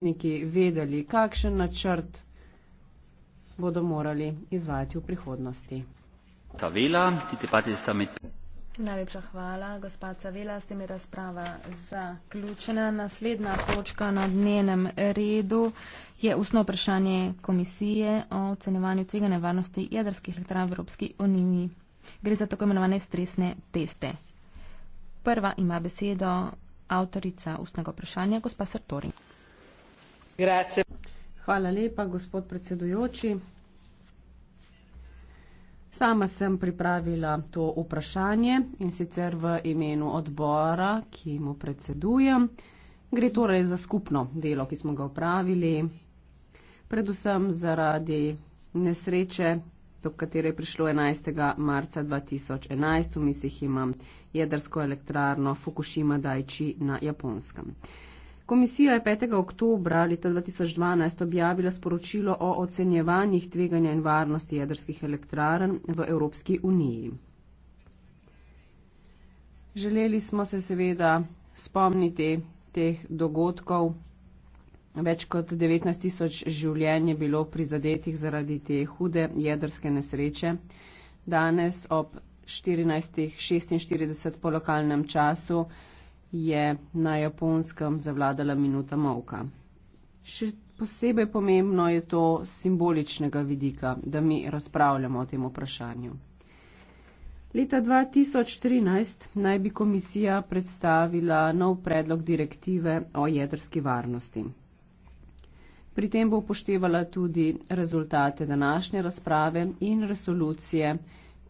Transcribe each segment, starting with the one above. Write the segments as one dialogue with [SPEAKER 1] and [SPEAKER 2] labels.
[SPEAKER 1] predsedniki vedeli, kakšen načrt bodo morali izvajati v prihodnosti.
[SPEAKER 2] Cavela,
[SPEAKER 3] Najlepša hvala, gospa Cavela. S tem je razprava zaključena. Naslednja točka na dnevnem redu je ustno vprašanje komisije o ocenjevanju tvega nevarnosti jedrskih elektrarn v Evropski uniji. Gre za tako imenovane stresne teste. Prva ima besedo avtorica ustnega vprašanja, gospa Sartori.
[SPEAKER 1] Hvala lepa, gospod predsedujoči. Sama sem pripravila to vprašanje in sicer v imenu odbora, ki mu predsedujem. Gre torej za skupno delo, ki smo ga upravili, predvsem zaradi nesreče, do katere je prišlo 11. marca 2011. V mislih imam jedrsko elektrarno Fukushima Daiichi na Japonskem. Komisija je 5. oktobra leta 2012 objavila sporočilo o ocenjevanjih tveganja in varnosti jedrskih elektrarn v Evropski uniji. Želeli smo se seveda spomniti teh dogodkov. Več kot 19 tisoč življenj je bilo prizadetih zaradi te hude jedrske nesreče. Danes ob 14.46 po lokalnem času je na japonskem zavladala minuta molka. Še posebej pomembno je to z simboličnega vidika, da mi razpravljamo o tem vprašanju. Leta 2013 naj bi komisija predstavila nov predlog direktive o jedrski varnosti. Pri tem bo upoštevala tudi rezultate današnje razprave in resolucije,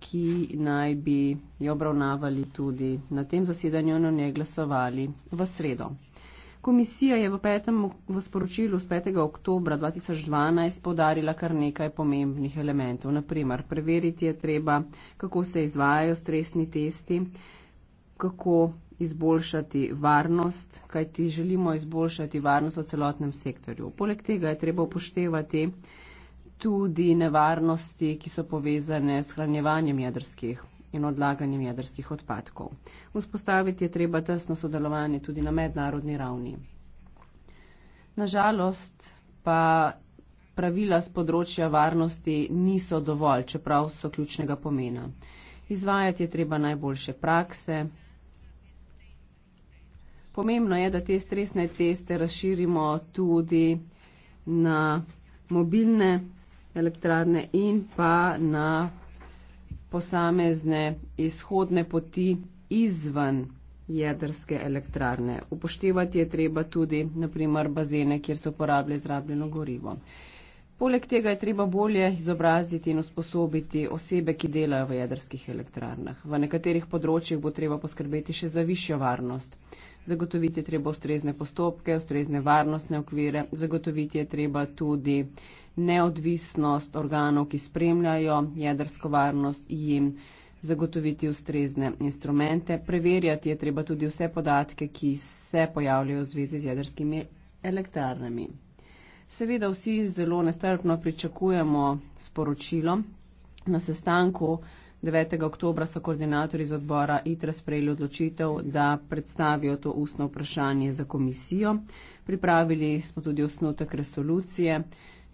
[SPEAKER 1] ki naj bi jo obravnavali tudi na tem zasedanju in o njej glasovali v sredo. Komisija je v, petem, v sporočilu z 5. oktobra 2012 podarila kar nekaj pomembnih elementov. Naprimer, preveriti je treba, kako se izvajajo stresni testi, kako izboljšati varnost, kajti želimo izboljšati varnost v celotnem sektorju. Poleg tega je treba upoštevati, tudi nevarnosti, ki so povezane s hranjevanjem jedrskih in odlaganjem jedrskih odpadkov. Vzpostaviti je treba tesno sodelovanje tudi na mednarodni ravni. Nažalost pa pravila z področja varnosti niso dovolj, čeprav so ključnega pomena. Izvajati je treba najboljše prakse. Pomembno je, da te stresne teste razširimo tudi na mobilne elektrarne in pa na posamezne izhodne poti izven jedrske elektrarne. Upoštevati je treba tudi naprimer bazene, kjer se uporablja izrabljeno gorivo. Poleg tega je treba bolje izobraziti in usposobiti osebe, ki delajo v jedrskih elektrarnah. V nekaterih področjih bo treba poskrbeti še za višjo varnost zagotoviti je treba ustrezne postopke, ustrezne varnostne okvire, zagotoviti je treba tudi neodvisnost organov, ki spremljajo jedrsko varnost in zagotoviti ustrezne instrumente. Preverjati je treba tudi vse podatke, ki se pojavljajo v zvezi z jedrskimi elektrarnami. Seveda vsi zelo nestrpno pričakujemo sporočilo na sestanku, 9. oktobra so koordinatorji z odbora ITRA sprejeli odločitev, da predstavijo to ustno vprašanje za komisijo. Pripravili smo tudi osnotek resolucije.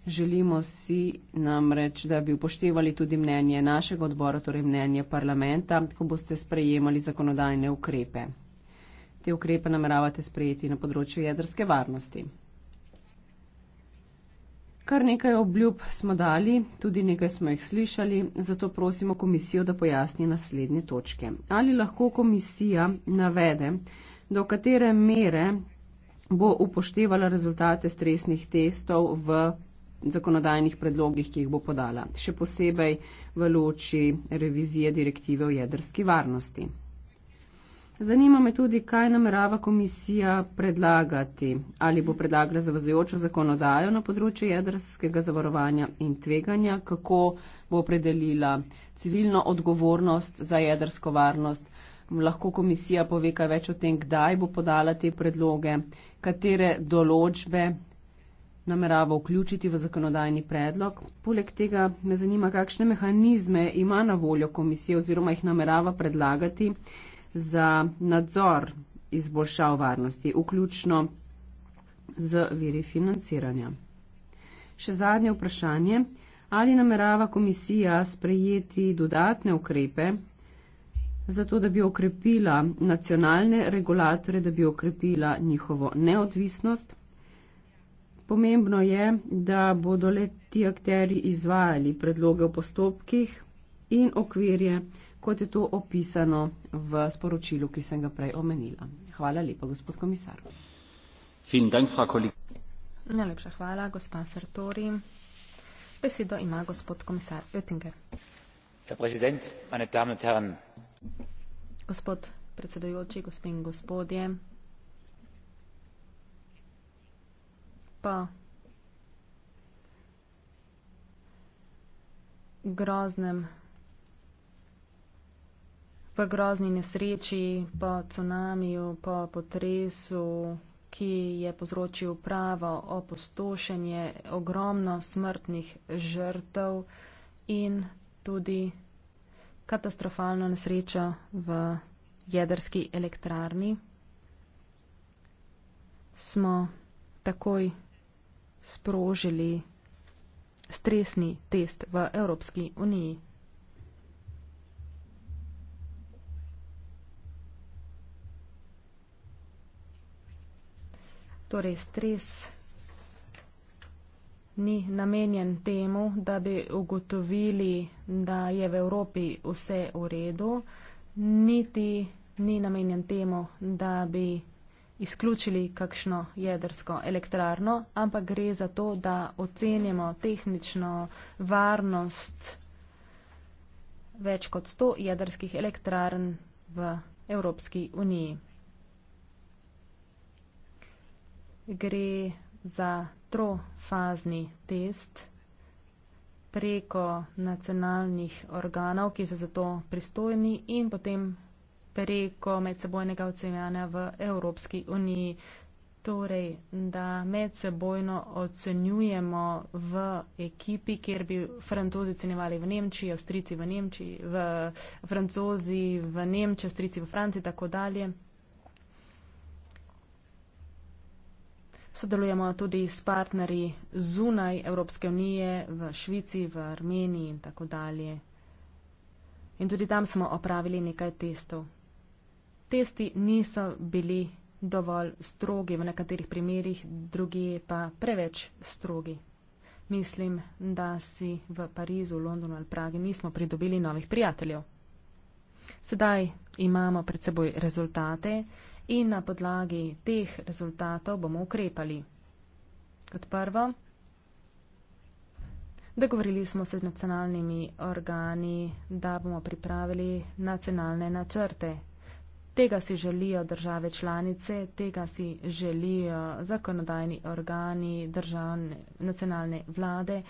[SPEAKER 1] Želimo si namreč, da bi upoštevali tudi mnenje našega odbora, torej mnenje parlamenta, ko boste sprejemali zakonodajne ukrepe. Te ukrepe nameravate sprejeti na področju jedrske varnosti. Kar nekaj obljub smo dali, tudi nekaj smo jih slišali, zato prosimo komisijo, da pojasni naslednje točke. Ali lahko komisija navede, do katere mere bo upoštevala rezultate stresnih testov v zakonodajnih predlogih, ki jih bo podala, še posebej v loči revizije direktive o jedrski varnosti. Zanima me tudi, kaj namerava komisija predlagati. Ali bo predlagala zavazujočo zakonodajo na področju jedrskega zavarovanja in tveganja, kako bo opredelila civilno odgovornost za jedrsko varnost. Lahko komisija pove kaj več o tem, kdaj bo podala te predloge, katere določbe namerava vključiti v zakonodajni predlog. Poleg tega me zanima, kakšne mehanizme ima na voljo komisija oziroma jih namerava predlagati za nadzor izboljšav varnosti, vključno z viri financiranja. Še zadnje vprašanje. Ali namerava komisija sprejeti dodatne ukrepe, zato da bi okrepila nacionalne regulatore, da bi okrepila njihovo neodvisnost? Pomembno je, da bodo le ti akteri izvajali predloge v postopkih in okvirje, kot je to opisano v sporočilu, ki sem ga
[SPEAKER 3] prej omenila. Hvala lepa,
[SPEAKER 1] gospod komisar.
[SPEAKER 3] Najlepša hvala, gospa Sartori. Besedo ima gospod komisar Oettinger. Gospod predsedojoči, gospe in gospodje, po groznem po grozni nesreči, po cunamiju, po potresu, ki je povzročil pravo opustošenje, ogromno smrtnih žrtev in tudi katastrofalno nesrečo v jedrski elektrarni, smo takoj sprožili stresni test v Evropski uniji. torej stres ni namenjen temu, da bi ugotovili, da je v Evropi vse v redu, niti ni namenjen temu, da bi izključili kakšno jedrsko elektrarno, ampak gre za to, da ocenimo tehnično varnost več kot 100 jedrskih elektrarn v Evropski uniji. gre za trofazni test preko nacionalnih organov, ki so za to pristojni in potem preko medsebojnega ocenjanja v Evropski uniji. Torej, da medsebojno ocenjujemo v ekipi, kjer bi francozi ocenjevali v Nemčiji, avstrici v Nemčiji, v francozi v Nemčiji, avstrici v Franciji, tako dalje. Sodelujemo tudi s partnerji zunaj Evropske unije, v Švici, v Armeniji in tako dalje. In tudi tam smo opravili nekaj testov. Testi niso bili dovolj strogi v nekaterih primerjih, drugi pa preveč strogi. Mislim, da si v Parizu, Londonu ali Pragi nismo pridobili novih prijateljev. Sedaj imamo pred seboj rezultate in na podlagi teh rezultatov bomo ukrepali. Kot prvo, dogovorili smo se z nacionalnimi organi, da bomo pripravili nacionalne načrte. Tega si želijo države članice, tega si želijo zakonodajni organi, državne, nacionalne vlade,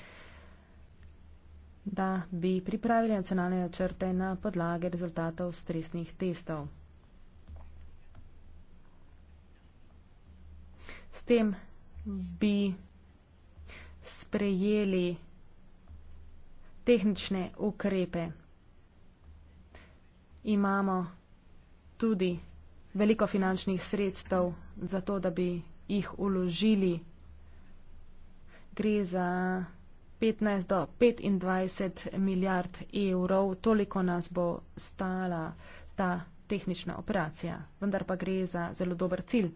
[SPEAKER 3] da bi pripravili nacionalne načrte na podlage rezultatov stresnih testov. S tem bi sprejeli tehnične ukrepe. Imamo tudi veliko finančnih sredstev za to, da bi jih uložili. Gre za 15 do 25 milijard evrov, toliko nas bo stala ta tehnična operacija, vendar pa gre za zelo dober cilj.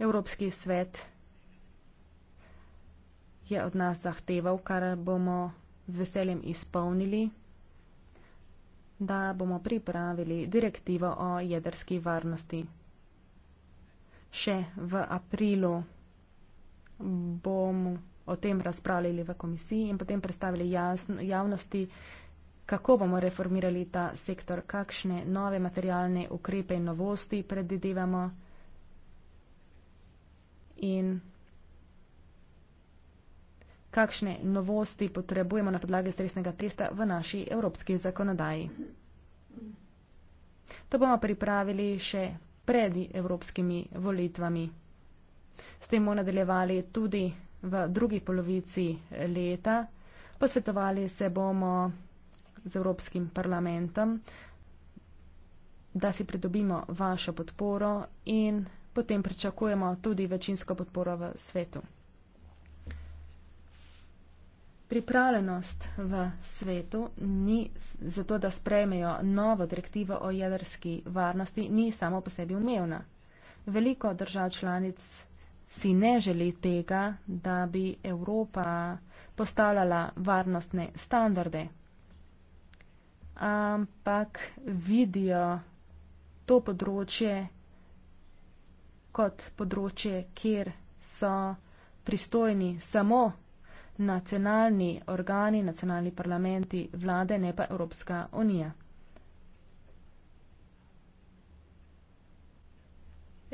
[SPEAKER 3] Evropski svet je od nas zahteval, kar bomo z veseljem izpolnili, da bomo pripravili direktivo o jedrski varnosti. Še v aprilu bomo o tem razpravljali v komisiji in potem predstavili jasn, javnosti, kako bomo reformirali ta sektor, kakšne nove materialne ukrepe in novosti predvidevamo in kakšne novosti potrebujemo na podlagi stresnega testa v naši evropski zakonodaji. To bomo pripravili še pred evropskimi volitvami. S tem bomo nadaljevali tudi v drugi polovici leta. Posvetovali se bomo z Evropskim parlamentom, da si pridobimo vašo podporo in potem pričakujemo tudi večinsko podporo v svetu. Pripravljenost v svetu ni zato, da sprejmejo novo direktivo o jedrski varnosti, ni samo po sebi umevna. Veliko držav članic si ne želi tega, da bi Evropa postavljala varnostne standarde, ampak vidijo to področje kot področje, kjer so pristojni samo nacionalni organi, nacionalni parlamenti, vlade, ne pa Evropska unija.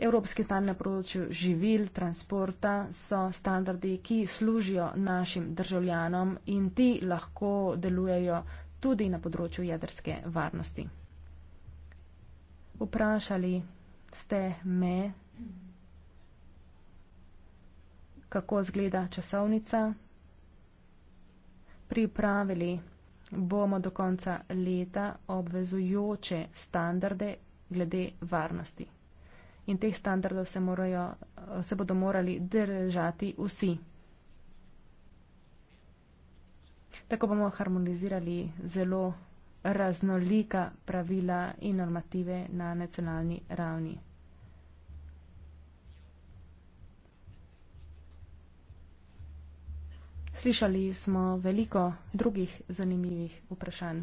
[SPEAKER 3] Evropski standardi na področju živil, transporta so standardi, ki služijo našim državljanom in ti lahko delujejo tudi na področju jedrske varnosti. Vprašali ste me, kako zgleda časovnica. Pripravili bomo do konca leta obvezujoče standarde glede varnosti. In teh standardov se, morajo, se bodo morali držati vsi. Tako bomo harmonizirali zelo raznolika pravila in normative na nacionalni ravni. Slišali smo veliko drugih zanimivih vprašanj.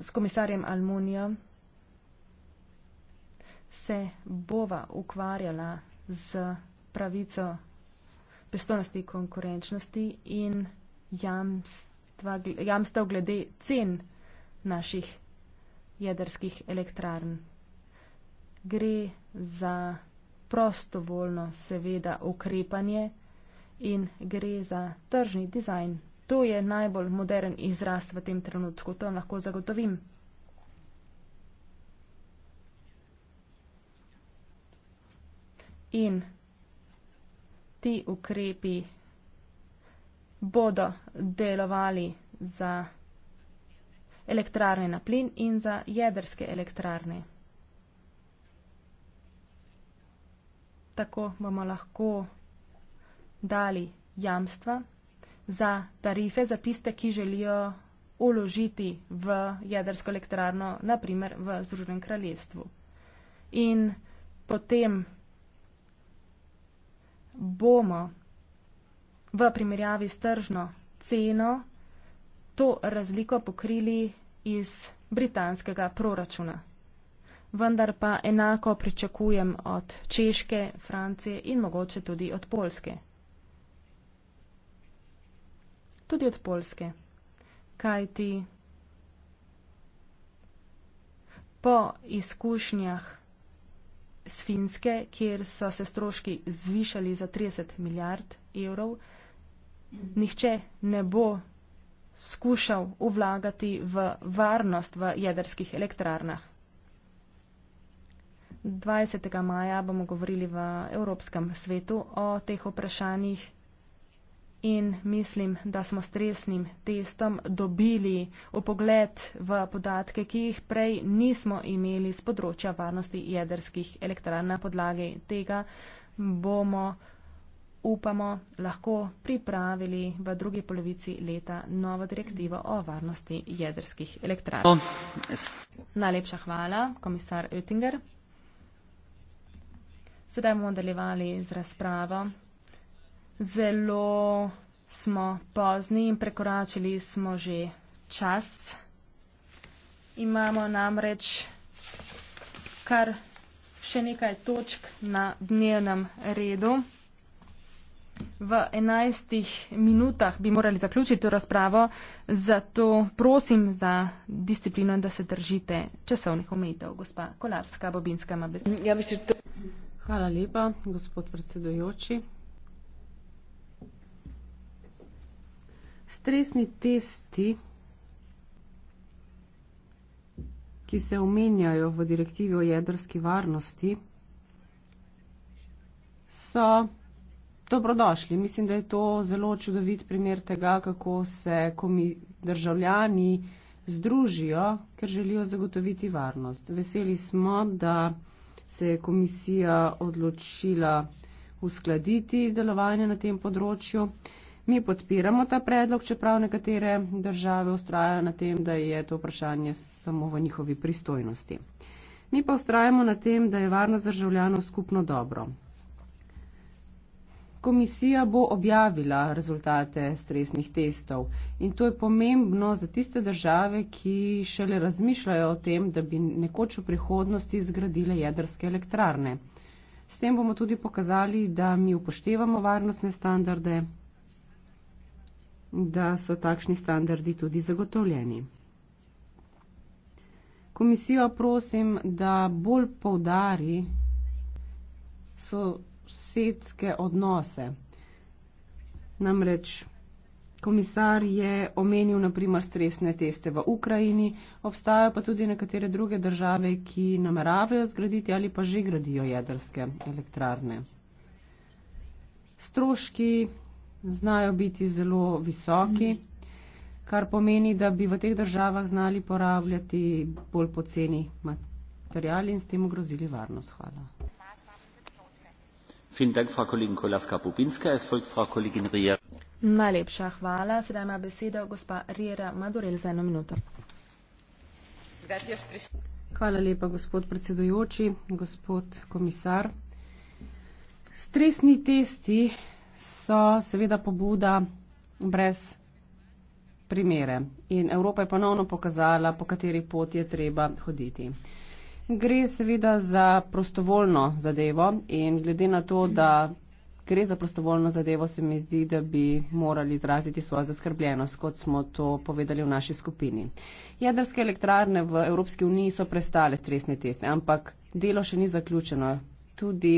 [SPEAKER 3] S komisarjem Almunijo se bova ukvarjala z pravico pristojnosti konkurenčnosti in jamstva, jamstev glede cen naših jedrskih elektrarn gre za prostovoljno, seveda, ukrepanje in gre za tržni dizajn. To je najbolj moderen izraz v tem trenutku, to lahko zagotovim. In ti ukrepi bodo delovali za elektrarne na plin in za jedrske elektrarne. tako bomo lahko dali jamstva za tarife za tiste, ki želijo uložiti v jedrsko elektrarno, naprimer v Združenem kraljestvu. In potem bomo v primerjavi s tržno ceno to razliko pokrili iz britanskega proračuna vendar pa enako pričakujem od Češke, Francije in mogoče tudi od Poljske. Tudi od Poljske. Kaj ti po izkušnjah s Finske, kjer so se stroški zvišali za 30 milijard evrov, nihče ne bo skušal vlagati v varnost v jedrskih elektrarnah. 20. maja bomo govorili v Evropskem svetu o teh vprašanjih in mislim, da smo s stresnim testom dobili opogled v podatke, ki jih prej nismo imeli z področja varnosti jedrskih elektrarn. Na podlagi tega bomo, upamo, lahko pripravili v drugi polovici leta novo direktivo o varnosti jedrskih elektrarn. No. Najlepša hvala, komisar Oettinger. Sedaj bomo nadaljevali z razpravo. Zelo smo pozni in prekoračili smo že čas. Imamo namreč kar še nekaj točk na dnevnem redu. V enajstih minutah bi morali zaključiti razpravo, zato prosim za disciplino in da se držite časovnih omejitev. Gospa Kolarska, Bobinska, ima besedo. Ja, Hvala lepa, gospod predsedujoči. Stresni
[SPEAKER 1] testi, ki se omenjajo v direktivi o jedrski varnosti, so dobrodošli. Mislim, da je to zelo čudovit primer tega, kako se komi državljani združijo, ker želijo zagotoviti varnost. Veseli smo, da se je komisija odločila uskladiti delovanje na tem področju. Mi podpiramo ta predlog, čeprav nekatere države ustrajajo na tem, da je to vprašanje samo v njihovi pristojnosti. Mi pa ustrajamo na tem, da je varnost državljanov skupno dobro. Komisija bo objavila rezultate stresnih testov in to je pomembno za tiste države, ki šele razmišljajo o tem, da bi nekoč v prihodnosti zgradile jedrske elektrarne. S tem bomo tudi pokazali, da mi upoštevamo varnostne standarde, da so takšni standardi tudi zagotovljeni. Komisijo prosim, da bolj povdari so sosedske odnose. Namreč komisar je omenil naprimer stresne teste v Ukrajini, obstajajo pa tudi nekatere druge države, ki nameravajo zgraditi ali pa že gradijo jedrske elektrarne. Stroški znajo biti zelo visoki, kar pomeni, da bi v teh državah znali porabljati bolj poceni
[SPEAKER 3] materiali in s tem ogrozili varnost. Hvala. Najlepša hvala. Sedaj ima besedo gospa Riera Madurell za eno minuto. Hvala lepa, gospod predsedujoči, gospod komisar. Stresni
[SPEAKER 1] testi so seveda pobuda brez primere in Evropa je ponovno pokazala, po kateri poti je treba hoditi. Gre seveda za prostovoljno zadevo in glede na to, da gre za prostovoljno zadevo, se mi zdi, da bi morali izraziti svojo zaskrbljenost, kot smo to povedali v naši skupini. Jedrske elektrarne v Evropski uniji so prestale stresne teste, ampak delo še ni zaključeno. Tudi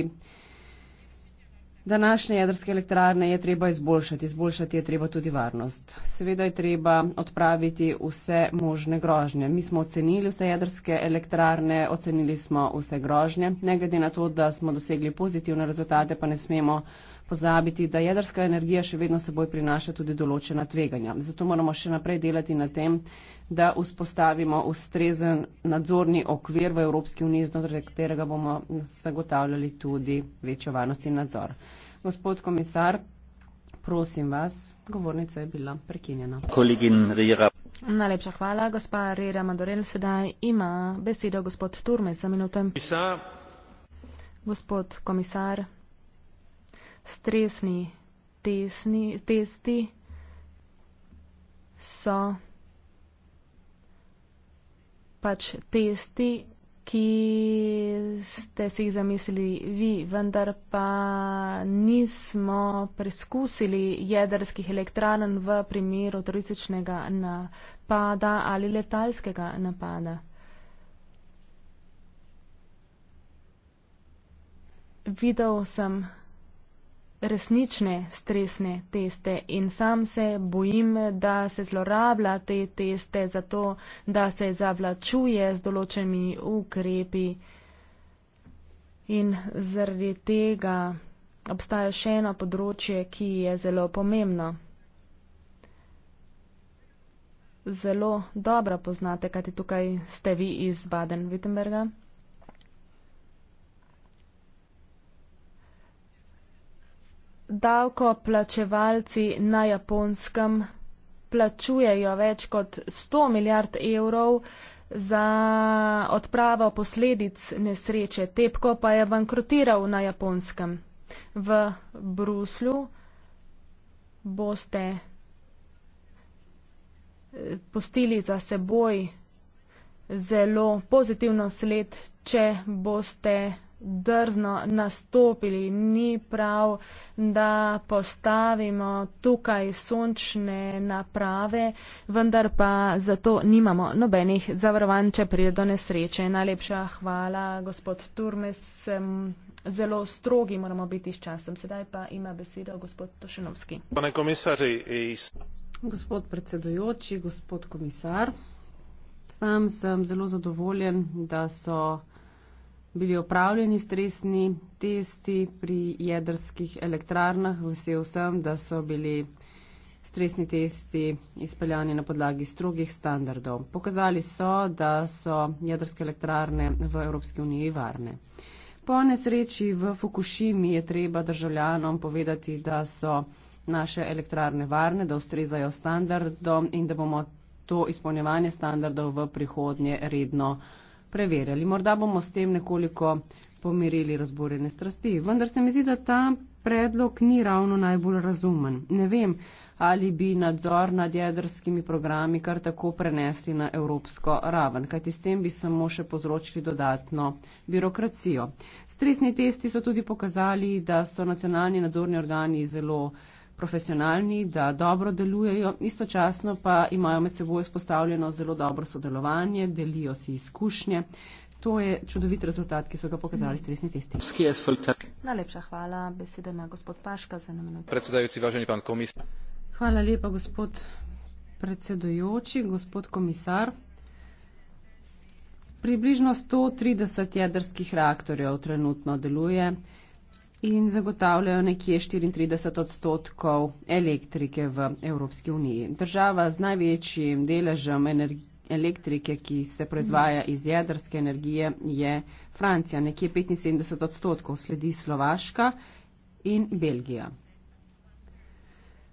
[SPEAKER 1] današnje jedrske elektrarne je treba izboljšati, izboljšati je treba tudi varnost. Seveda je treba odpraviti vse možne grožnje. Mi smo ocenili vse jedrske elektrarne, ocenili smo vse grožnje. Ne glede na to, da smo dosegli pozitivne rezultate, pa ne smemo pozabiti, da jedrska energija še vedno seboj prinaša tudi določena tveganja. Zato moramo še naprej delati na tem, da vzpostavimo ustrezen nadzorni okvir v Evropski uniji, znotraj katerega bomo zagotavljali tudi večjo varnost in nadzor. Gospod komisar, prosim vas, govornica je bila prekinjena.
[SPEAKER 2] Kolegin Rira.
[SPEAKER 3] Najlepša hvala, gospa Rira Madorel. Sedaj ima besedo gospod Turmes za minuto. Gospod komisar stresni tesni, testi so pač testi, ki ste si jih zamislili vi, vendar pa nismo preskusili jedrskih elektranen v primeru turističnega napada ali letalskega napada. Videl sem resnične stresne teste in sam se bojim, da se zlorablja te teste zato, da se zavlačuje z določenimi ukrepi in zaradi tega obstaja še eno področje, ki je zelo pomembno. Zelo dobro poznate, kajti tukaj ste vi iz Baden-Württemberga. davkoplačevalci na japonskem plačujejo več kot 100 milijard evrov za odpravo posledic nesreče. Tepko pa je bankrotiral na japonskem. V Bruslju boste eh, pustili za seboj zelo pozitivno sled, če boste drzno nastopili. Ni prav, da postavimo tukaj sončne naprave, vendar pa zato nimamo nobenih zavarovanj, če pride do nesreče. Najlepša hvala, gospod Turmes. Zelo strogi moramo biti s časom. Sedaj pa ima besedo gospod Tošenovski. Gospod
[SPEAKER 1] predsedujoči, gospod komisar, sam sem zelo zadovoljen, da so bili opravljeni stresni testi pri jedrskih elektrarnah. Vesel sem, da so bili stresni testi izpeljani na podlagi strogih standardov. Pokazali so, da so jedrske elektrarne v Evropski uniji varne. Po nesreči v Fukushimi je treba državljanom povedati, da so naše elektrarne varne, da ustrezajo standardom in da bomo to izpolnjevanje standardov v prihodnje redno preverjali. Morda bomo s tem nekoliko pomirili razborjene strasti. Vendar se mi zdi, da ta predlog ni ravno najbolj razumen. Ne vem, ali bi nadzor nad jedrskimi programi kar tako prenesli na evropsko raven, kajti s tem bi samo še povzročili dodatno birokracijo. Stresni testi so tudi pokazali, da so nacionalni nadzorni organi zelo profesionalni, da dobro delujejo, istočasno pa imajo med seboj spostavljeno zelo dobro sodelovanje, delijo si izkušnje.
[SPEAKER 3] To je čudovit rezultat, ki so ga pokazali stresni testi. Najlepša hvala. Beseda ima gospod Paška za nameno. Predsedajoči, važeni pan komis. Hvala lepa, gospod
[SPEAKER 1] predsedujoči, gospod komisar. Približno 130 jedrskih reaktorjev trenutno deluje in zagotavljajo nekje 34 odstotkov elektrike v Evropski uniji. Država z največjim deležem elektrike, ki se proizvaja iz jedrske energije, je Francija, nekje 75 odstotkov sledi Slovaška in Belgija.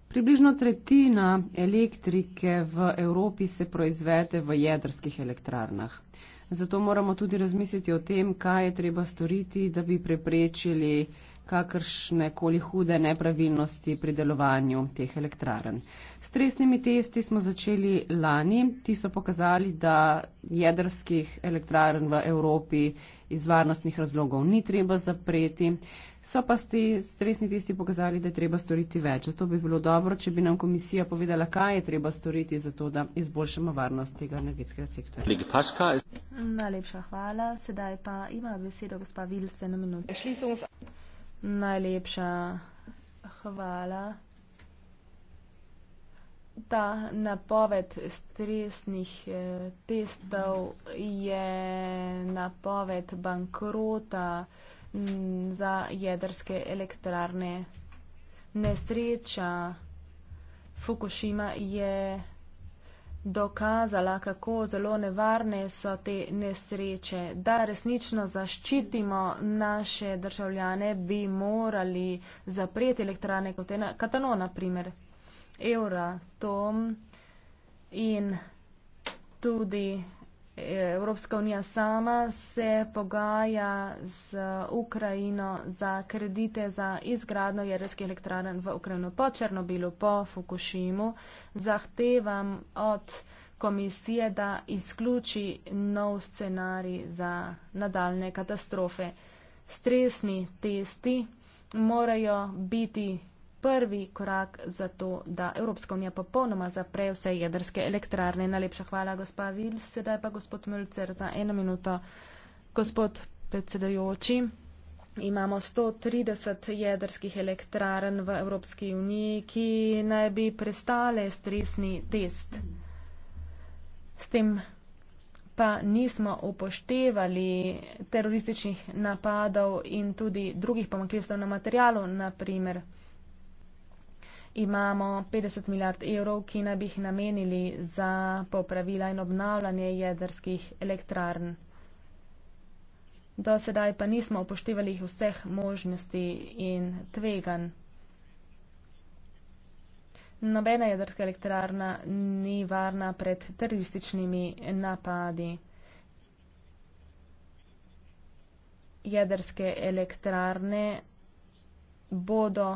[SPEAKER 1] Približno tretjina elektrike v Evropi se proizvede v jedrskih elektrarnah. Zato moramo tudi razmisliti o tem, kaj je treba storiti, da bi preprečili kakršne koli hude nepravilnosti pri delovanju teh elektrarn. Stresnimi testi smo začeli lani. Ti so pokazali, da jedrskih elektrarn v Evropi iz varnostnih razlogov ni treba zapreti. So pa ti stresni testi pokazali, da je treba storiti več. Zato bi bilo dobro, če bi nam komisija povedala, kaj je treba storiti, zato da izboljšamo varnost tega energetskega sektorja.
[SPEAKER 3] Najlepša hvala. Sedaj pa ima besedo gospa Vilsen. Najlepša hvala. Ta napoved stresnih eh, testov je napoved bankrota mm, za jedrske elektrarne. Nesreča Fukushima je dokazala, kako zelo nevarne so te nesreče. Da resnično zaščitimo naše državljane, bi morali zapreti elektrane kot ena katano, naprimer, evra, tom in tudi Evropska unija sama se pogaja z Ukrajino za kredite za izgradno jedrskih elektraren v Ukrajino po Černobilu, po Fukushimu. Zahtevam od komisije, da izključi nov scenarij za nadaljne katastrofe. Stresni testi morajo biti prvi korak za to, da Evropska unija popolnoma zapre vse jedrske elektrarne. Najlepša hvala, gospa Vils. Sedaj pa gospod Mölcer za eno minuto. Gospod predsedajoči, imamo 130 jedrskih elektrarn v Evropski uniji, ki naj bi prestale stresni test. S tem pa nismo upoštevali terorističnih napadov in tudi drugih pomakljivstev na materialu, naprimer imamo 50 milijard evrov, ki naj bi jih namenili za popravila in obnavljanje jedrskih elektrarn. Do sedaj pa nismo upoštevali vseh možnosti in tvegan. Nobena jedrska elektrarna ni varna pred terorističnimi napadi. Jedrske elektrarne bodo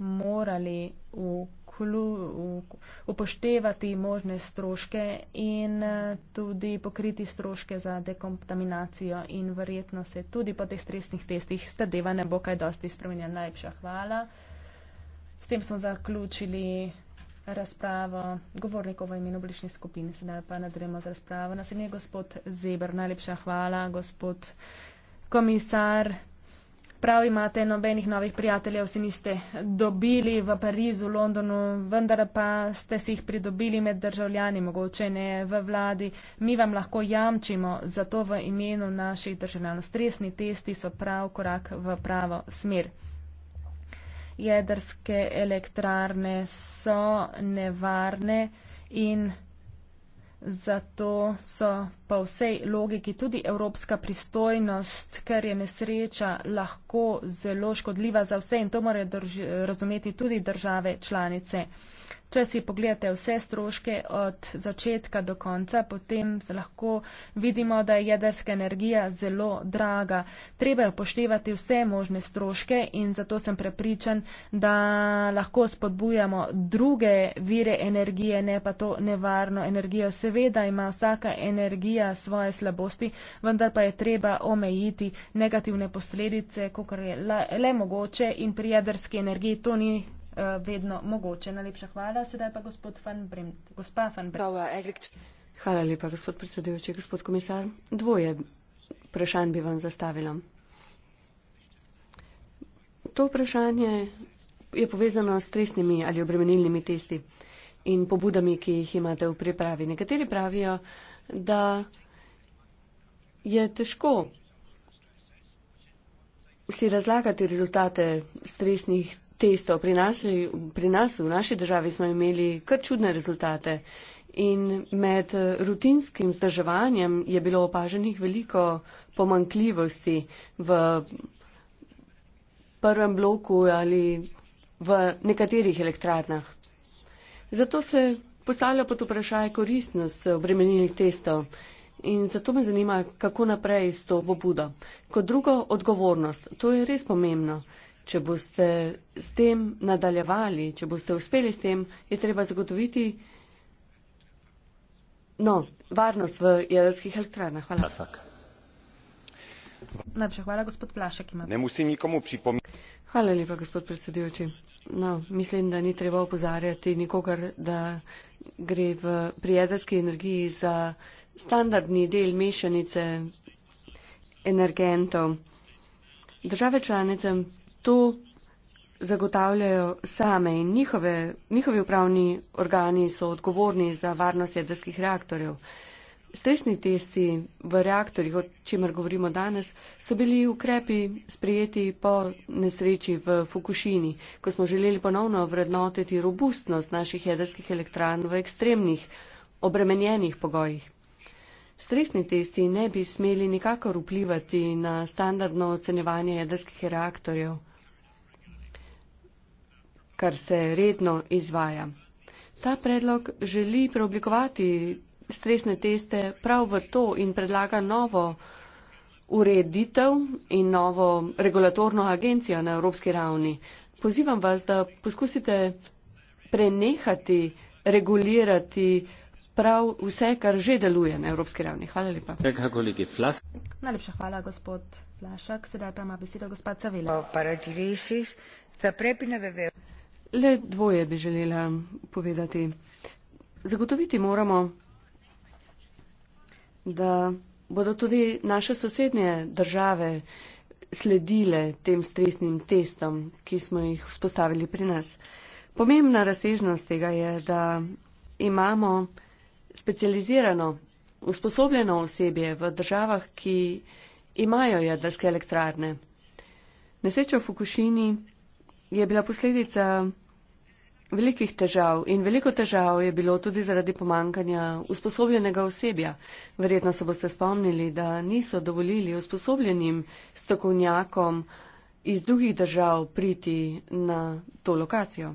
[SPEAKER 3] morali v klu, v, upoštevati možne stroške in eh, tudi pokriti stroške za dekontaminacijo in verjetno se tudi po teh stresnih testih stadeva ne bo kaj dosti spremenjena. Najlepša hvala. S tem smo zaključili razpravo govornikov v imenu bližnje skupine. Sedaj pa nadaljujemo z razpravo. Naslednji je gospod Zeber. Najlepša hvala, gospod komisar prav imate nobenih novih prijateljev, si niste dobili v Parizu, Londonu, vendar pa ste si jih pridobili med državljani, mogoče ne v vladi. Mi vam lahko jamčimo, zato v imenu naših državljanov. Stresni testi so prav korak v pravo smer. Jedrske elektrarne so nevarne in zato so po vsej logiki tudi evropska pristojnost, ker je nesreča lahko zelo škodljiva za vse in to morajo razumeti tudi države članice. Če si pogledate vse stroške od začetka do konca, potem lahko vidimo, da je jedrska energija zelo draga. Treba je upoštevati vse možne stroške in zato sem prepričan, da lahko spodbujamo druge vire energije, ne pa to nevarno energijo. Seveda ima vsaka energija razvija svoje slabosti, vendar pa je treba omejiti negativne posledice, kot je le, le mogoče in pri jedrski energiji to ni uh, vedno mogoče. Najlepša hvala. Sedaj pa gospod Van Bremt. Gospa Van Bremt.
[SPEAKER 2] Hvala lepa, gospod predsedujoči, gospod komisar. Dvoje vprašanj bi vam zastavila. To vprašanje je povezano s stresnimi ali obremenilnimi testi in pobudami, ki jih imate v pripravi. Nekateri pravijo, da je težko si razlagati rezultate stresnih testov. Pri nas, pri nas v naši državi smo imeli kar čudne rezultate in med rutinskim vzdrževanjem je bilo opaženih veliko pomankljivosti v prvem bloku ali v nekaterih elektrarnah. Zato se postavlja pod vprašaj koristnost obremenilnih testov. In zato me zanima, kako naprej s to pobudo. Kot drugo, odgovornost. To je res pomembno. Če boste s tem nadaljevali, če boste uspeli s tem, je treba zagotoviti no, varnost v jedrskih elektrarnah. Hvala. Najprej hvala, gospod Plašek. Ne musim nikomu pripomniti. Hvala lepa, gospod predsedujoči. No, mislim, da ni treba opozarjati nikogar, da gre v prijedarski energiji za standardni del mešanice energentov. Države članice to zagotavljajo same in njihove, njihovi upravni organi so odgovorni za varnost jedrskih reaktorjev. Stresni testi v reaktorjih, o čemer govorimo danes, so bili ukrepi sprijeti po nesreči v Fukušini, ko smo želeli ponovno vrednoteti robustnost naših jedrskih elektran v ekstremnih, obremenjenih pogojih. Stresni testi ne bi smeli nikakor vplivati na standardno ocenjevanje jedrskih reaktorjev, kar se redno izvaja. Ta predlog želi preoblikovati stresne teste prav v to in predlaga novo ureditev in novo regulatorno agencijo na evropski ravni. Pozivam vas, da poskusite prenehati regulirati prav vse, kar že deluje na evropski ravni. Hvala lepa.
[SPEAKER 3] Najlepša hvala, gospod Flašak. Sedaj pa ima besedo gospod Cavela. Le dvoje bi želela povedati. Zagotoviti
[SPEAKER 2] moramo da bodo tudi naše sosednje države sledile tem stresnim testom, ki smo jih vzpostavili pri nas. Pomembna razsežnost tega je, da imamo specializirano, usposobljeno osebje v državah, ki imajo jedrske elektrarne. Neseča v Fukušini je bila posledica velikih težav in veliko težav je bilo tudi zaradi pomankanja usposobljenega osebja. Verjetno se boste spomnili, da niso dovolili usposobljenim strokovnjakom iz drugih držav priti na to lokacijo.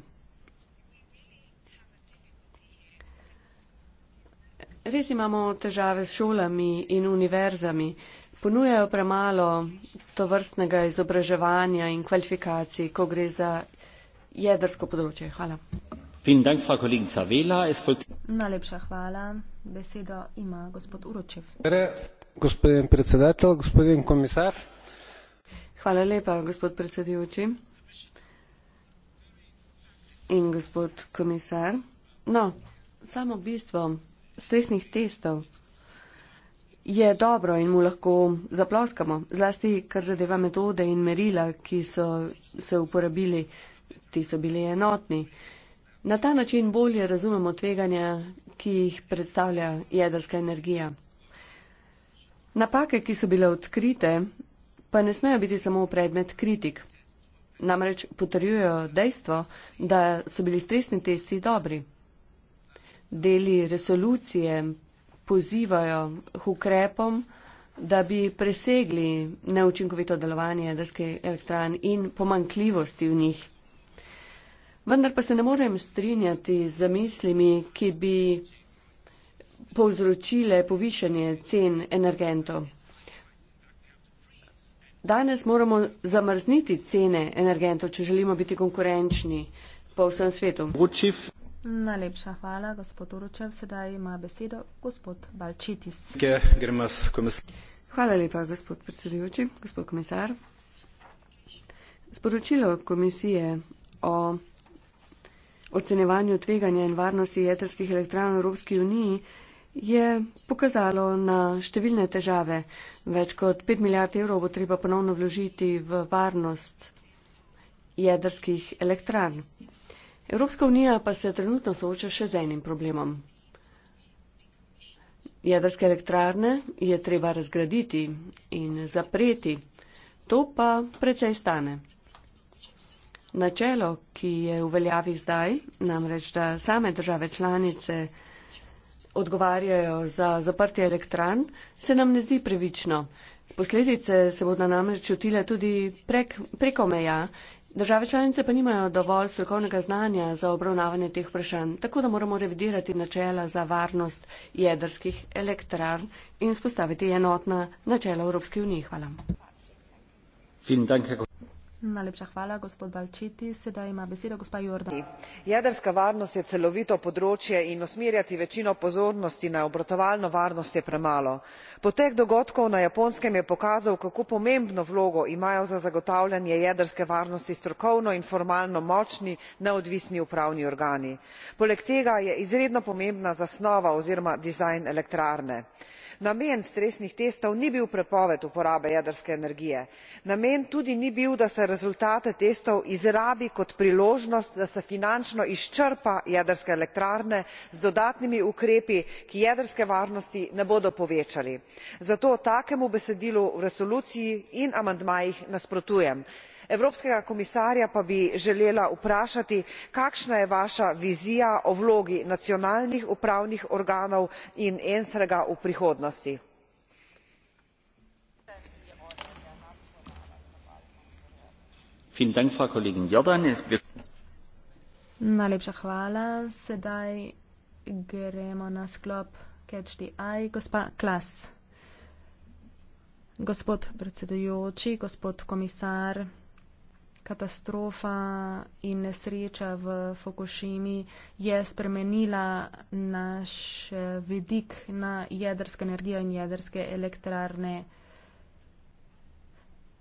[SPEAKER 2] Res imamo težave s šolami in univerzami. Ponujajo premalo to vrstnega izobraževanja in kvalifikacij, ko gre za jedrsko področje. Hvala. Dank,
[SPEAKER 3] Najlepša hvala. Besedo ima gospod Uročev. Gospodin predsedatelj, gospodin komisar.
[SPEAKER 2] Hvala lepa, gospod predsedujoči in gospod komisar. No, samo bistvo stresnih testov je dobro in mu lahko zaploskamo, zlasti kar zadeva metode in merila, ki so se uporabili ti so bili enotni. Na ta način bolje razumemo tveganja, ki jih predstavlja jedrska energija. Napake, ki so bile odkrite, pa ne smejo biti samo predmet kritik. Namreč potrjujejo dejstvo, da so bili stresni testi dobri. Deli resolucije pozivajo k ukrepom, da bi presegli neučinkovito delovanje jedrske elektran in pomankljivosti v njih. Vendar pa se ne morem strinjati z mislimi, ki bi povzročile povišanje cen energentov. Danes moramo zamrzniti cene energentov, če želimo biti konkurenčni po vsem svetu. Učiv.
[SPEAKER 3] Najlepša hvala, gospod Uročev. Sedaj ima besedo gospod Balčitis.
[SPEAKER 2] Hvala lepa, gospod predsedujoči, gospod komisar. Sporočilo komisije o ocenevanju tveganja in varnosti jedrskih elektran v Evropski uniji je pokazalo na številne težave. Več kot 5 milijard evrov bo treba ponovno vložiti v varnost jedrskih elektran. Evropska unija pa se trenutno sooča še z enim problemom. Jedrske elektrarne je treba razgraditi in zapreti. To pa precej stane. Načelo, ki je v veljavi zdaj, namreč, da same države članice odgovarjajo za zaprtje elektran, se nam ne zdi prevično. Posledice se bodo namreč čutile tudi prek, preko meja. Države članice pa nimajo dovolj strokovnega znanja za obravnavanje teh vprašanj, tako da moramo revidirati načela za varnost jedrskih elektrarn in spostaviti enotna načela Evropske unije. Hvala. Dank,
[SPEAKER 3] Najlepša hvala, gospod Balčiti. Sedaj ima besedo gospa Jordan.
[SPEAKER 4] Jedrska varnost je celovito področje in usmerjati večino pozornosti na obratovalno varnost je premalo. Potek dogodkov na Japonskem je pokazal, kako pomembno vlogo imajo za zagotavljanje jedrske varnosti strokovno in formalno močni neodvisni upravni organi. Poleg tega je izredno pomembna zasnova oziroma dizajn elektrarne. Namen stresnih testov ni bil prepoved uporabe jedrske energije. Namen tudi ni bil, da se razvijajo rezultate testov izrabi kot priložnost da se finančno izčrpa jedrske elektrarne z dodatnimi ukrepi ki jedrske varnosti ne bodo povečali zato takemu besedilu v resoluciji in amandmajih nasprotujem evropskega komisarja pa bi želela vprašati kakšna je vaša vizija o vlogi nacionalnih upravnih organov in ensraga v prihodnosti.
[SPEAKER 2] Najlepša
[SPEAKER 3] hvala. Sedaj gremo na sklop Catch the Eye. Gospa Klas, gospod predsedujoči, gospod komisar, katastrofa in nesreča v Fukushimi je spremenila naš vidik na jedrsko energijo in jedrske elektrarne.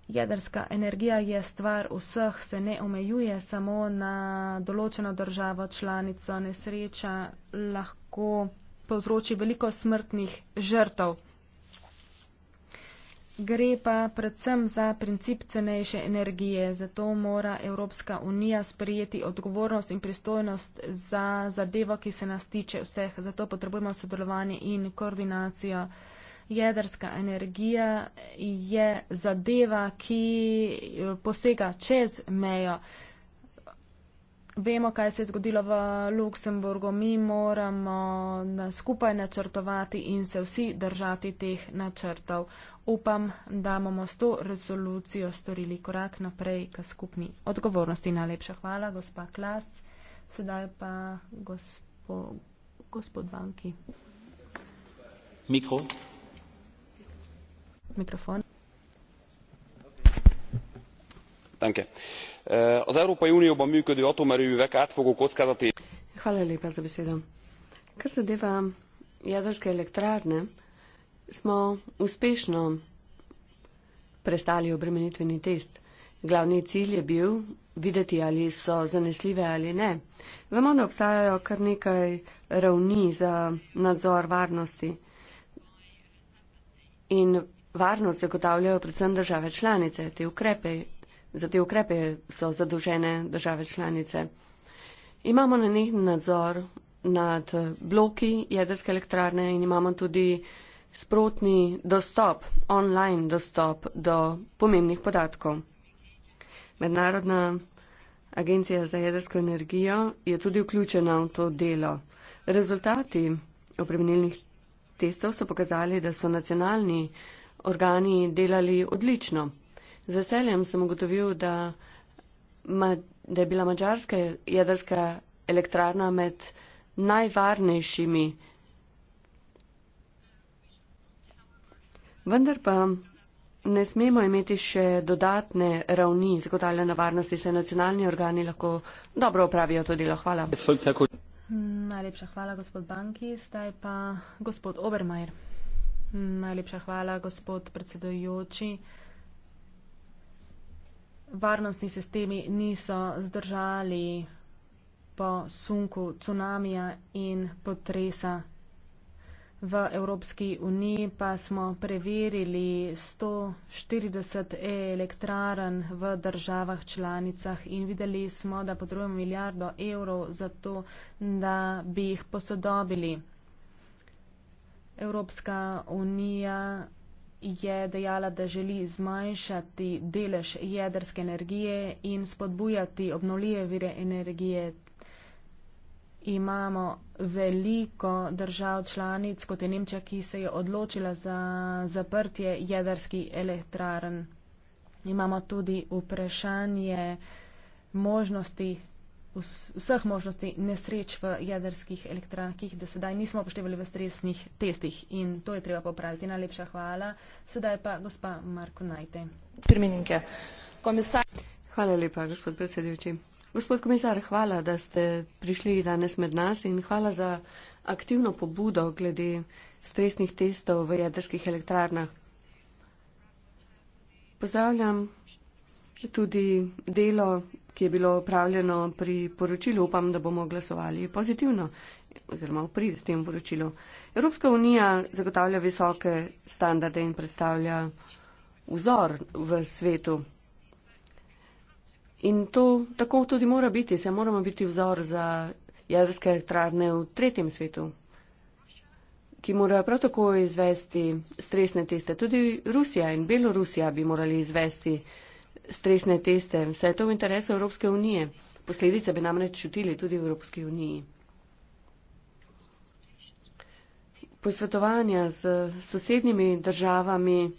[SPEAKER 3] Jedrska energija je stvar vseh, se ne omejuje samo na določeno državo članico. Nesreča lahko povzroči veliko smrtnih žrtev. Gre pa predvsem za princip cenejše energije, zato mora Evropska unija sprejeti odgovornost in pristojnost za zadevo, ki se nas tiče vseh. Zato potrebujemo sodelovanje in koordinacijo jedrska energija je zadeva, ki eh, posega čez mejo. Vemo, kaj se je zgodilo v Luksemburgu. Mi moramo eh, skupaj načrtovati in se vsi držati teh načrtov. Upam, da bomo s to rezolucijo storili korak naprej k skupni odgovornosti. Najlepša hvala, gospa Klas. Sedaj pa gospo, gospod Banki. Mikro mikrofon.
[SPEAKER 2] Danke. Äh, az Európai Unióban
[SPEAKER 3] működő atomerőművek átfogó kockázati...
[SPEAKER 2] Hvala lepa za besedo. Kar se deva jedrske elektrarne, smo uspešno prestali obremenitveni test. Glavni cilj je bil videti, ali so zanesljive ali ne. Vemo, da obstajajo kar nekaj ravni za nadzor varnosti. In Varnost zagotavljajo predvsem države članice, te ukrepe, za te ukrepe so zadolžene države članice. Imamo na njih nadzor nad bloki jedrske elektrarne in imamo tudi sprotni dostop, online dostop do pomembnih podatkov. Mednarodna agencija za jedrsko energijo je tudi vključena v to delo. Rezultati obremenilnih testov so pokazali, da so nacionalni organi delali odlično. Z veseljem sem ugotovil, da, ma, da je bila mađarska jedrska elektrarna med najvarnejšimi. Vendar pa ne smemo imeti še dodatne ravni zagotavljanja varnosti, saj nacionalni organi lahko dobro upravijo to delo. Hvala.
[SPEAKER 3] Najlepša hvala, gospod Banki. Zdaj pa gospod Obermajer. Najlepša hvala, gospod predsedujoči. Varnostni sistemi niso zdržali po sunku cunamija in potresa. V Evropski uniji pa smo preverili 140 elektraren v državah članicah in videli smo, da potrebujemo milijardo evrov za to, da bi jih posodobili. Evropska unija je dejala, da želi zmanjšati delež jedrske energije in spodbujati obnovljive vire energije. Imamo veliko držav članic, kot je Nemčija, ki se je odločila za zaprtje jedrskih elektrarn. Imamo tudi vprašanje možnosti vseh možnosti nesreč v jedrskih elektrarnah, ki jih do sedaj nismo upoštevali v stresnih testih in to je treba popraviti. Najlepša hvala. Sedaj pa gospa Marko Najte.
[SPEAKER 2] Hvala lepa, gospod predsedujoči. Gospod komisar, hvala, da ste prišli danes med nas in hvala za aktivno pobudo glede stresnih testov v jedrskih elektrarnah. Pozdravljam tudi delo ki je bilo upravljeno pri poročilu, upam, da bomo glasovali pozitivno oziroma v prid tem poročilu. Evropska unija zagotavlja visoke standarde in predstavlja vzor v svetu. In to tako tudi mora biti, se moramo biti vzor za jedrske elektrarne v tretjem svetu, ki morajo prav tako izvesti stresne teste. Tudi Rusija in Belorusija bi morali izvesti stresne teste. Vse je to v interesu Evropske unije. Posledice bi namreč čutili tudi v Evropski uniji. Posvetovanja z sosednjimi državami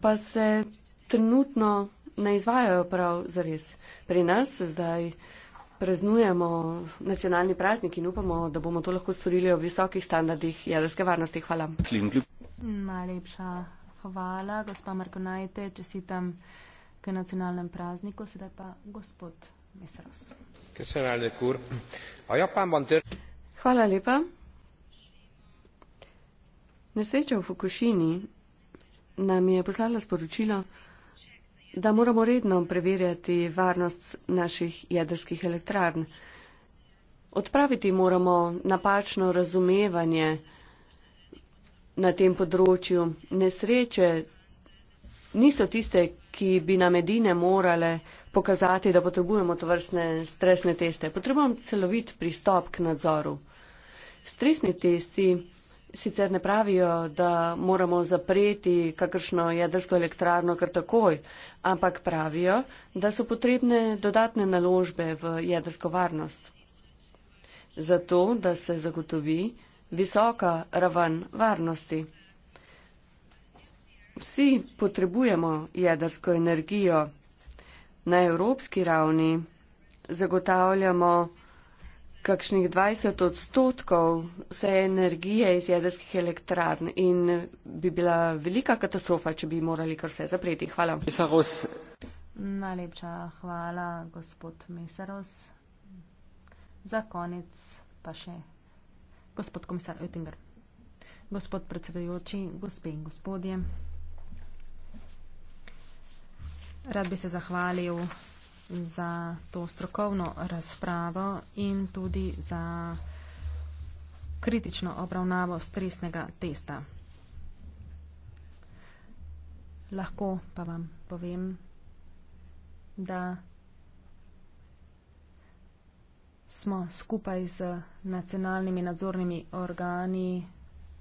[SPEAKER 2] pa se trenutno ne izvajajo prav zares. Pri nas zdaj preznujemo nacionalni praznik in upamo, da bomo to lahko storili v visokih
[SPEAKER 3] standardih jedrske varnosti. Hvala. Najlepša hvala, gospa Marko Najte, čestitam k nacionalnem prazniku. Sedaj pa gospod Mesaros. Hvala lepa.
[SPEAKER 2] Nesreča v Fukušini nam je poslala sporočilo, da moramo redno preverjati varnost naših jedrskih elektrarn. Odpraviti moramo napačno razumevanje na tem področju. Nesreče niso tiste, ki bi nam edine morale pokazati, da potrebujemo to vrstne stresne teste. Potrebujemo celovit pristop k nadzoru. Stresni testi sicer ne pravijo, da moramo zapreti kakršno jedrsko elektrarno kar takoj, ampak pravijo, da so potrebne dodatne naložbe v jedrsko varnost. Zato, da se zagotovi visoka raven varnosti vsi potrebujemo jedrsko energijo. Na evropski ravni zagotavljamo kakšnih 20 odstotkov vse energije iz jedrskih elektrarn in bi bila velika katastrofa, če bi morali kar vse zapreti. Hvala. Mesaros.
[SPEAKER 3] Najlepša hvala, gospod Mesaros. Za konec pa še gospod komisar Oettinger. Gospod predsedujoči, gospe in gospodje. Rad bi se zahvalil za to strokovno razpravo in tudi za kritično obravnavo stresnega testa. Lahko pa vam povem, da smo skupaj z nacionalnimi nadzornimi organi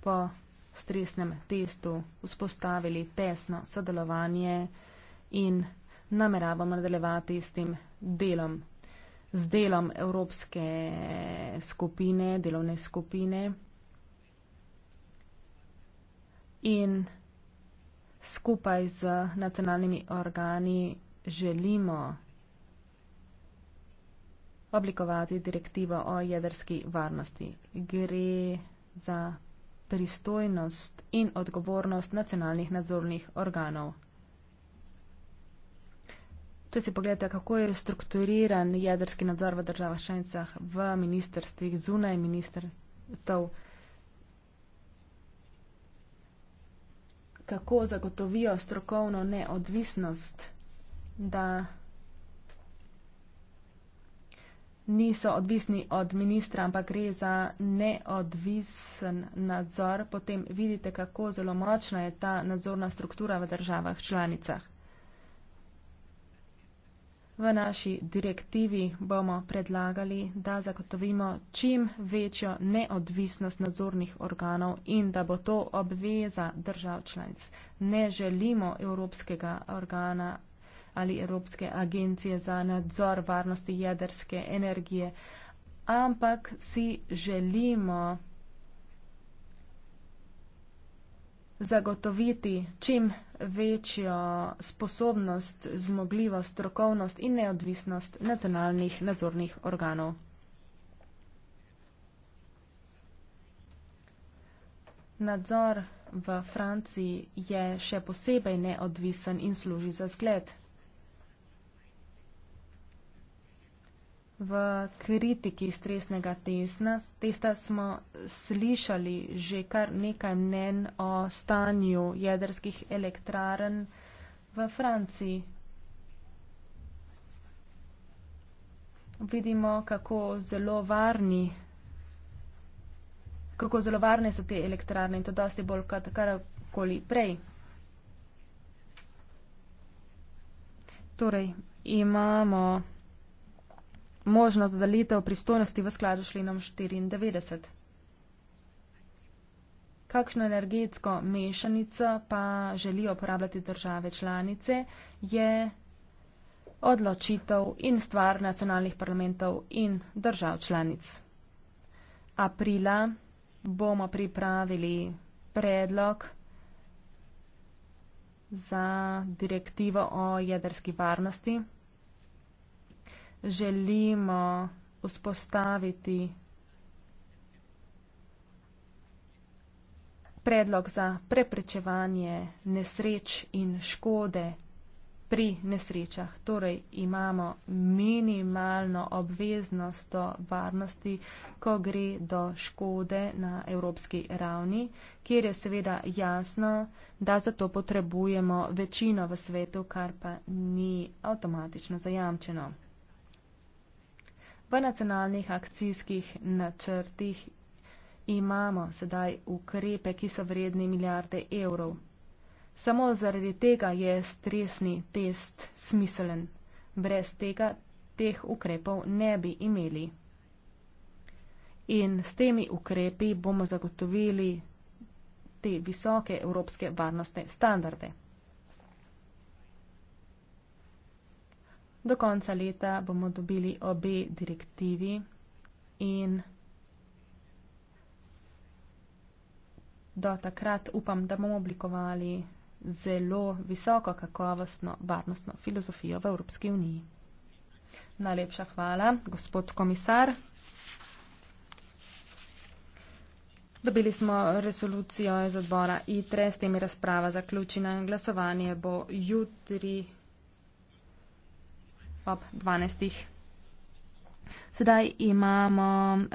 [SPEAKER 3] po stresnem testu vzpostavili tesno sodelovanje in nameravam nadaljevati s tem delom, z delom Evropske skupine, delovne skupine. In skupaj z nacionalnimi organi želimo oblikovati direktivo o jedrski varnosti. Gre za pristojnost in odgovornost nacionalnih nadzornih organov. Če si pogledate, kako je strukturiran jedrski nadzor v državah članicah, v ministrstvih, zunaj ministrstv, kako zagotovijo strokovno neodvisnost, da niso odvisni od ministra, ampak gre za neodvisen nadzor, potem vidite, kako zelo močna je ta nadzorna struktura v državah članicah. V naši direktivi bomo predlagali, da zagotovimo čim večjo neodvisnost nadzornih organov in da bo to obveza držav članic. Ne želimo Evropskega organa ali Evropske agencije za nadzor varnosti jedrske energije, ampak si želimo zagotoviti čim večjo sposobnost, zmogljivost, strokovnost in neodvisnost nacionalnih nadzornih organov. Nadzor v Franciji je še posebej neodvisen in služi za zgled. V kritiki stresnega testa, testa smo slišali že kar nekaj mnen o stanju jedrskih elektrarn v Franciji. Vidimo, kako zelo varni. Kako zelo varne so te elektrarne in to dosti bolj kot karkoli prej. Torej, imamo možnost delitev pristojnosti v skladu s členom 94. Kakšno energetsko mešanico pa želijo uporabljati države članice, je odločitev in stvar nacionalnih parlamentov in držav članic. Aprila bomo pripravili predlog za direktivo o jedrski varnosti želimo vzpostaviti predlog za preprečevanje nesreč in škode pri nesrečah. Torej imamo minimalno obveznost do varnosti, ko gre do škode na evropski ravni, kjer je seveda jasno, da za to potrebujemo večino v svetu, kar pa ni avtomatično zajamčeno. V nacionalnih akcijskih načrtih imamo sedaj ukrepe, ki so vredni milijarde evrov. Samo zaradi tega je stresni test smiselen. Brez tega teh ukrepov ne bi imeli. In s temi ukrepi bomo zagotovili te visoke evropske varnostne standarde. do konca leta bomo dobili obe direktivi in do takrat upam, da bomo oblikovali zelo visoko kakovostno varnostno filozofijo v Evropski uniji. Najlepša hvala, gospod komisar. Dobili smo resolucijo iz odbora ITRE, s tem je razprava zaključena in glasovanje bo jutri ob 12. Sedaj imamo